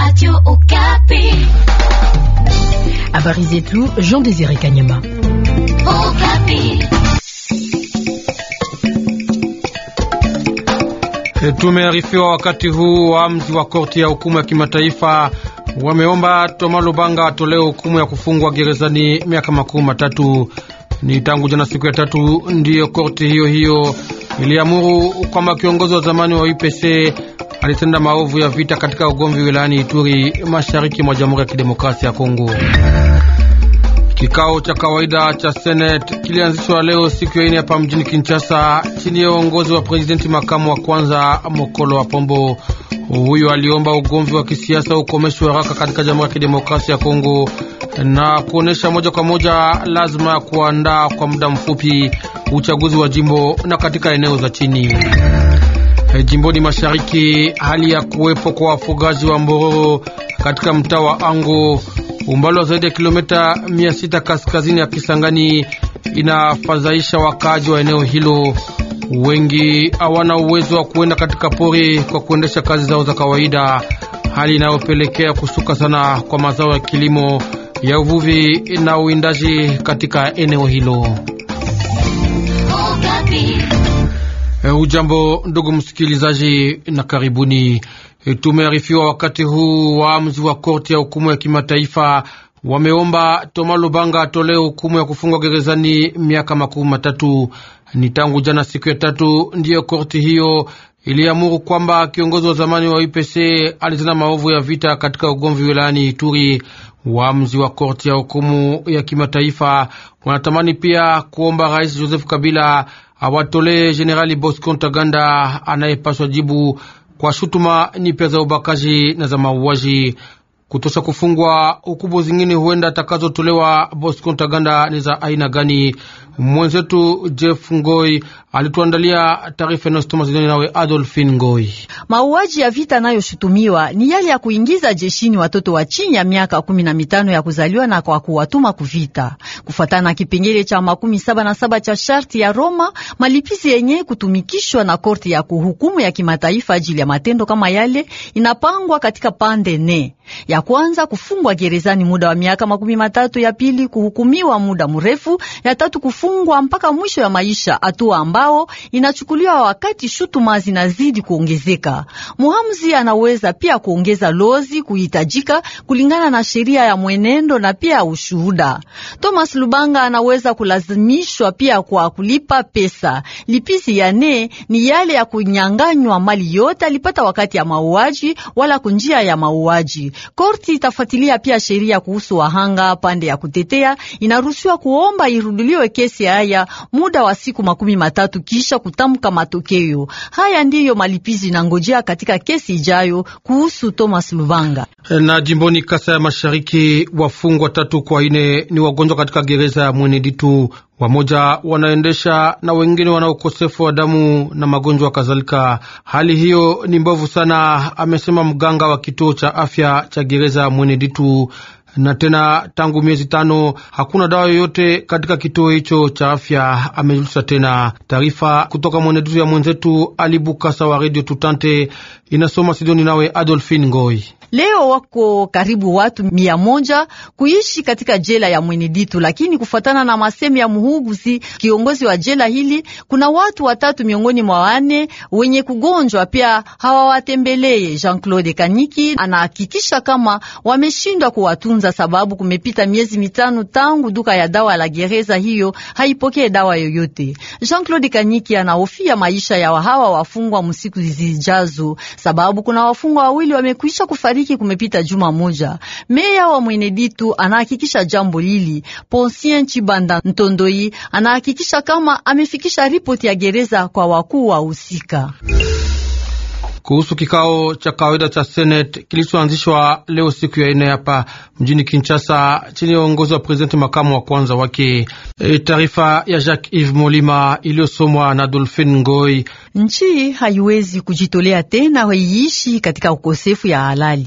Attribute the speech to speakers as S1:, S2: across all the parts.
S1: Radio Okapi.
S2: Habari zetu Jean Désiré Kanyama.
S1: Okapi.
S3: Tumearifiwa wakati huu wa mzi wa korti ya hukumu ya kimataifa wameomba Toma Lubanga atolewe hukumu ya kufungwa gerezani miaka makumi matatu. Ni tangu jana siku ya tatu ndiyo korti hiyo hiyo iliamuru kwamba kiongozi wa zamani wa UPC alitenda maovu ya vita katika ugomvi wilayani Ituri, mashariki mwa Jamhuri ya Kidemokrasia ya Kongo. Kikao cha kawaida cha Senate kilianzishwa leo siku ya ine hapa mjini Kinshasa chini ya uongozi wa presidenti makamu wa kwanza Mokolo wa Pombo. Huyo aliomba ugomvi wa kisiasa ukomeshwe haraka katika Jamhuri ya Kidemokrasia ya Kongo na kuonesha moja kwa moja lazima ya kuandaa kwa muda mfupi uchaguzi wa jimbo na katika eneo za chini. Eh, jimboni mashariki, hali ya kuwepo kwa wafugaji wa mbororo katika mtaa wa Ango, umbali wa zaidi ya kilomita 600 kaskazini ya Kisangani, inafadhaisha wakaaji wa eneo hilo. Wengi hawana uwezo wa kuenda katika pori kwa kuendesha kazi zao za kawaida, hali inayopelekea kusuka sana kwa mazao ya kilimo ya uvuvi na uwindaji katika eneo hilo.
S1: Oh,
S3: Eh, ujambo ndugu msikilizaji, na karibuni. Eh, tumearifiwa wakati huu waamuzi wa korti ya hukumu ya kimataifa wameomba Toma Lubanga atolee hukumu ya kufungwa gerezani miaka makumi matatu. Ni tangu jana siku ya tatu ndiyo korti hiyo iliamuru kwamba kiongozi wa zamani wa UPC alizana maovu ya vita katika ugomvi wilayani Ituri. Waamuzi wa korti ya hukumu ya kimataifa wanatamani pia kuomba Rais Joseph Kabila awatolee Jenerali Bosco Ntaganda anayepaswa jibu kwa shutuma nipya za ubakaji na za mauaji. Kutosha kufungwa hukumu zingine huenda atakazotolewa Bosco Ntaganda ni za aina gani? Mwenzetu Jeff Ngoi alituandalia taarifa inayosoma Sidoni, nawe Adolfin Ngoi.
S2: Mauaji ya vita nayoshutumiwa ni yale ya kuingiza jeshini watoto wa chini ya miaka kumi na mitano ya kuzaliwa na kwa kuwatuma kuvita, kufuatana na kipengele cha makumi saba na saba cha sharti ya Roma, malipizi yenye kutumikishwa na korti ya kuhukumu ya kimataifa ajili ya matendo kama yale inapangwa katika pande ne ya kwanza kufungwa gerezani muda wa miaka makumi matatu, ya pili kuhukumiwa muda mrefu, ya tatu kufungwa kufungwa mpaka mwisho ya maisha, hatua ambao inachukuliwa wakati shutuma zinazidi kuongezeka. Muhamzi anaweza pia kuongeza lozi kuhitajika kulingana na sheria ya mwenendo na pia ushuhuda. Thomas Lubanga anaweza kulazimishwa pia kwa kulipa pesa. Lipisi ya ne ni yale ya kunyanganywa mali yote alipata wakati ya mauaji wala kunjia ya mauaji. Korti itafuatilia pia sheria kuhusu wahanga. Pande ya kutetea inaruhusiwa kuomba irudiliwe kesi kesi haya muda wa siku makumi matatu kisha kutamka matokeo haya. Ndiyo malipizi na ngojea katika kesi ijayo kuhusu Thomas Lubanga.
S3: Na jimboni Kasa ya Mashariki, wafungwa tatu kwa ine ni wagonjwa katika gereza ya Mweneditu, wamoja wanaendesha na wengine wana ukosefu wa damu na magonjwa kadhalika. Hali hiyo ni mbovu sana, amesema mganga wa kituo cha afya cha gereza ya Mweneditu na tena tangu miezi tano hakuna dawa yoyote katika kituo hicho cha afya, amejulisha tena. Taarifa kutoka mweneduzu ya mwenzetu Alibukasa wa Redio Tutante inasoma Sidoni nawe Adolfin Ngoi.
S2: Leo wako karibu watu mia moja kuishi katika jela ya Mweneditu, lakini kufuatana na masemi ya muhuguzi kiongozi wa jela hili, kuna watu watatu miongoni mwa wane wenye kugonjwa pia hawawatembelee. Jean-Claude Kanyiki anahakikisha kama wameshindwa kuwatunza, sababu kumepita miezi mitano tangu duka ya dawa la gereza hiyo haipokee dawa yoyote. Jean-Claude Kanyiki anahofia maisha ya hawa wafungwa msiku zijazo, sababu kuna wafungwa wawili wamekwisha kufariki Mashariki kumepita juma moja. Meya wa Mweneditu anahakikisha jambo lili. Ponsien Chibanda Ntondoi anahakikisha kama amefikisha ripoti ya gereza kwa wakuu wa husika.
S3: Kuhusu kikao cha kawaida cha Senate kilichoanzishwa leo siku ya ine hapa mjini Kinshasa chini ya uongozi wa presidenti makamu wa kwanza wake. E, taarifa ya Jacques Yves Molima iliyosomwa na Dolphine Ngoi
S2: Nchi haiwezi kujitolea tena iishi katika ukosefu ya halali.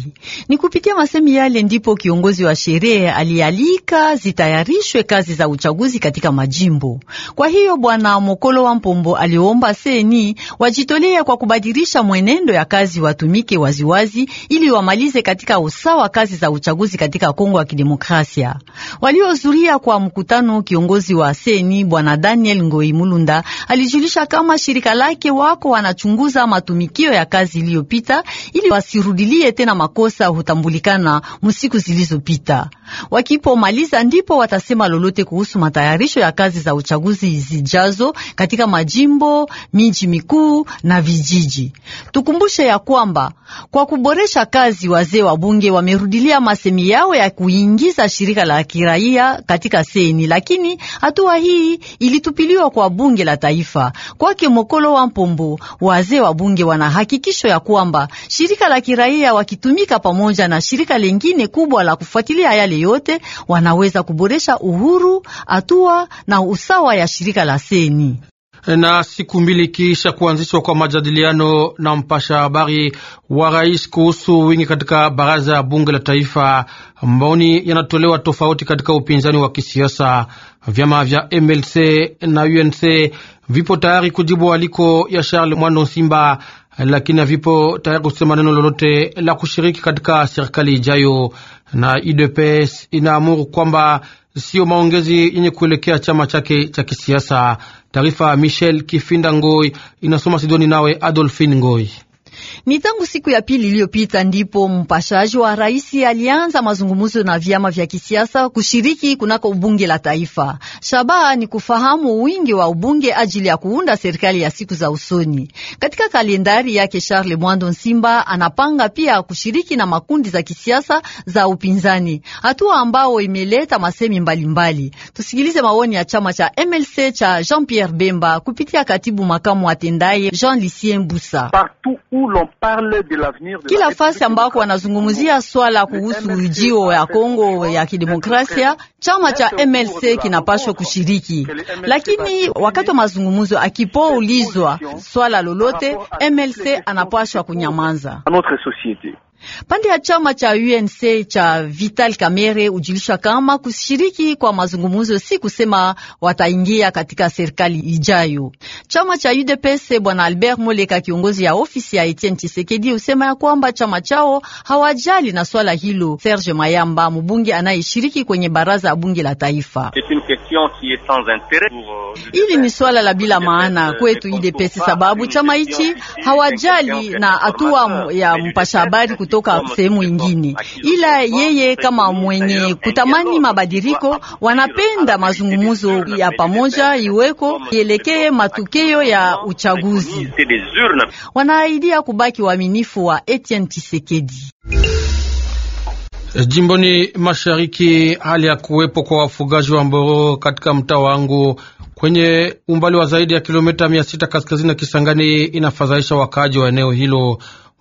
S2: Ni kupitia masemi yale ndipo kiongozi wa sherehe alialika zitayarishwe kazi za uchaguzi katika majimbo. Kwa hiyo bwana Mokolo wa Mpombo aliomba seni wajitolea kwa kubadilisha mwenendo ya kazi, watumike waziwazi ili wamalize katika usawa kazi za uchaguzi katika Kongo ya Kidemokrasia. Waliohudhuria kwa mkutano, kiongozi wa seni bwana Daniel Ngoi Mulunda alijulisha kama shirika lake wako wanachunguza matumikio ya kazi iliyopita ili wasirudilie tena makosa hutambulikana musiku zilizopita. Wakipomaliza ndipo watasema lolote kuhusu matayarisho ya kazi za uchaguzi zijazo katika majimbo, miji mikuu na vijiji. Tukumbushe ya kwamba kwa kuboresha kazi, wazee wa bunge wamerudilia masemi yao ya kuingiza shirika la kiraia katika seni, lakini hatua hii ilitupiliwa kwa bunge la taifa kwake Mokolo Wampo kumbukumbu. Wazee wa bunge wana hakikisho ya kwamba shirika la kiraia wakitumika pamoja na shirika lingine kubwa la kufuatilia yale yote, wanaweza kuboresha uhuru, hatua na usawa ya shirika la seni
S3: na siku mbili kisha kuanzishwa kwa majadiliano na mpasha habari wa rais kuhusu wingi katika baraza ya bunge la taifa, maoni yanatolewa tofauti katika upinzani wa kisiasa. Vyama vya MLC na UNC vipo tayari kujibu aliko ya Charles Mwando Simba, lakini havipo tayari kusema neno lolote la kushiriki katika serikali ijayo, na UDPS inaamuru kwamba sio maongezi yenye kuelekea chama chake cha kisiasa. Taarifa Michel Kifinda Ngoi inasoma Sidoni nawe adolfin Ngoi.
S2: Ni tangu siku ya pili iliyopita ndipo mpashaji wa rais alianza mazungumzo na vyama vya kisiasa kushiriki kunako ubunge la taifa. Shabaha ni kufahamu wingi wa ubunge ajili ya kuunda serikali ya siku za usoni. Katika kalendari yake, Charles Mwando Nsimba anapanga pia kushiriki na makundi za kisiasa za upinzani, hatua ambao imeleta masemi mbalimbali mbali. Tusikilize maoni ya chama cha MLC cha Jean-Pierre Bemba kupitia katibu makamu atendaye Jean Lucien Busa. Kila fasi ambako wanazungumzia swala kuhusu ujio ya Kongo ya kidemokrasia, chama cha MLC kinapashwa kushiriki, lakini wakati wa mazungumzo akipoulizwa swala lolote, MLC anapashwa kunyamaza. Pande ya chama cha UNC cha Vital Kamerhe hujulisha kama kushiriki kwa mazungumzo si kusema wataingia katika serikali ijayo. Chama cha UDPS bwana Albert Moleka, kiongozi ya ofisi ya Etienne Tshisekedi, husema ya kwamba chama chao hawajali na swala hilo. Serge Mayamba, mbunge anayeshiriki kwenye baraza ya bunge la taifa:
S3: euh,
S2: hili ni swala la bila maana euh, kwetu UDPS, sababu chama hichi hawajali na hatua ya mpasha habari kutoka sehemu ingine, ila yeye kama mwenye kutamani mabadiliko wanapenda mazungumzo ya pamoja iweko ielekee matokeo ya uchaguzi. Wanaaidia kubaki waaminifu wa Etienne Tshisekedi.
S3: Jimboni mashariki, hali ya kuwepo kwa wafugaji wa mboro katika mtaa wangu kwenye umbali wa zaidi ya kilomita mia sita kaskazini na Kisangani inafadhaisha wakaaji wa eneo hilo.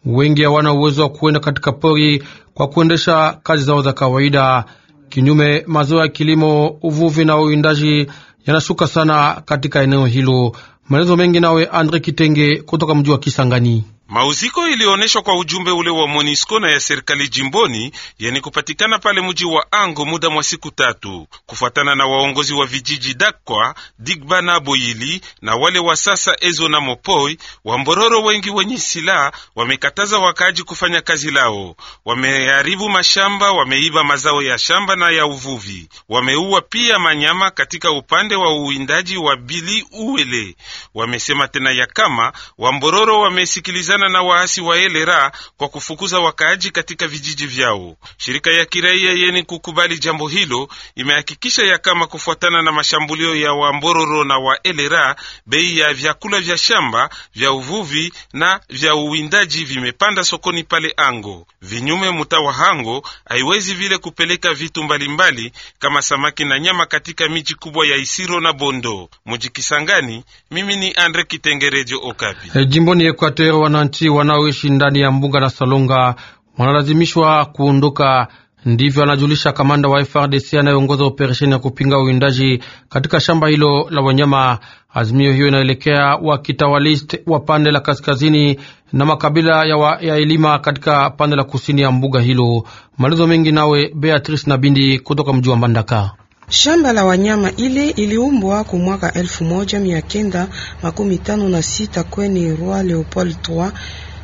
S3: Wengi hawana uwezo wa kuenda katika pori kwa kuendesha kazi zao za kawaida. Kinyume, mazao ya kilimo, uvuvi na uwindaji yanashuka sana katika eneo hilo. Maelezo mengi nawe Andre Kitenge kutoka mji wa Kisangani.
S4: Mauziko ilionyeshwa kwa ujumbe ule wa MONUSCO na ya serikali jimboni yani kupatikana pale mji wa Ango muda mwa siku tatu, kufuatana na waongozi wa vijiji Dakwa, Digba na Boyili na wale wa sasa Ezo na Mopoi. Wambororo wengi wenye silaha wamekataza wakaaji kufanya kazi lao, wameharibu mashamba, wameiba mazao ya shamba na ya uvuvi, wameua pia manyama katika upande wa uwindaji wa Bili Uwele. Wamesema tena ya kama wambororo wamesikilizana kupambana na waasi wa elera kwa kufukuza wakaaji katika vijiji vyao. Shirika ya kiraia yeni kukubali jambo hilo imehakikisha ya kama kufuatana na mashambulio ya wambororo na wa elera, bei ya vyakula vya shamba vya uvuvi na vya uwindaji vimepanda sokoni pale Ango. Vinyume mutawa Hango haiwezi vile kupeleka vitu mbalimbali mbali, kama samaki na nyama katika miji kubwa ya Isiro na Bondo. Mujikisangani, mimi ni Andre Kitengerejo Okapi. Hey,
S3: eh, jimboni Equateur wana wananchi wanaoishi ndani ya mbuga la Salonga wanalazimishwa kuondoka. Ndivyo anajulisha kamanda wa FRDC anayeongoza operesheni ya kupinga uwindaji katika shamba hilo la wanyama. Azimio hiyo inaelekea wakitawalist wa pande la kaskazini na makabila ya, wa, ya Elima katika pande la kusini ya mbuga hilo. Malizo mengi nawe Beatrice Nabindi kutoka mji wa Mbandaka.
S1: Shamba la wanyama ile iliumbwa ku mwaka elfu moja mia kenda makumi tano na sita kwenye Roi Leopold III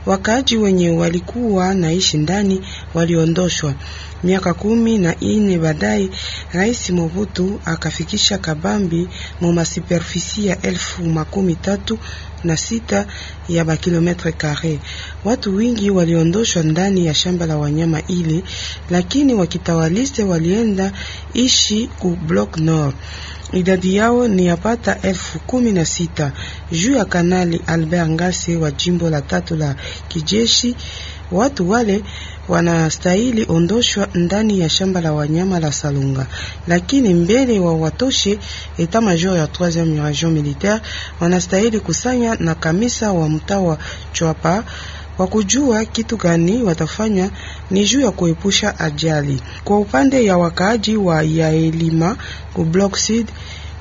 S1: wakaaji wenye walikuwa naishi ndani waliondoshwa. Miaka kumi na ine baadaye, Rais Mobutu akafikisha Kabambi momasuperfisi ya elfu makumi tatu na sita ya bakilometre kare. Watu wingi waliondoshwa ndani ya shamba la wanyama ili lakini wakitawaliste walienda ishi ku Bloc Nord idadi yao ni yapata elfu kumi na sita. Juu ya Kanali Albert Ngase wa jimbo la tatu la kijeshi, watu wale wanastahili ondoshwa ndani ya shamba la wanyama la Salonga, lakini mbele wa watoshe eta major ya 3e region militaire wanastahili kusanya na kamisa wa mtaa wa Chwapa kwa kujua kitu gani watafanya ni juu ya kuepusha ajali. Kwa upande ya wakaaji wa Yaelima ku Block Sud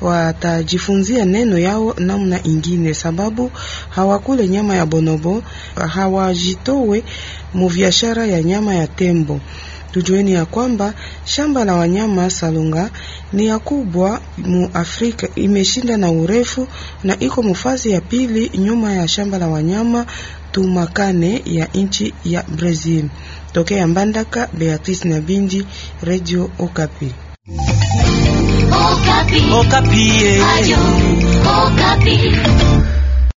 S1: watajifunzia neno yao namna ingine, sababu hawakule nyama ya bonobo, hawajitowe mu biashara ya nyama ya tembo tujueni ya kwamba shamba la wanyama Salunga ni ya kubwa mu Afrika, imeshinda na urefu na iko mufazi ya pili nyuma ya shamba la wanyama Tumakane ya nchi ya Brazil. Tokea Mbandaka, Beatrice na Bindi, Radio Okapi.
S4: Okapi. Okapi, eh. Okapi.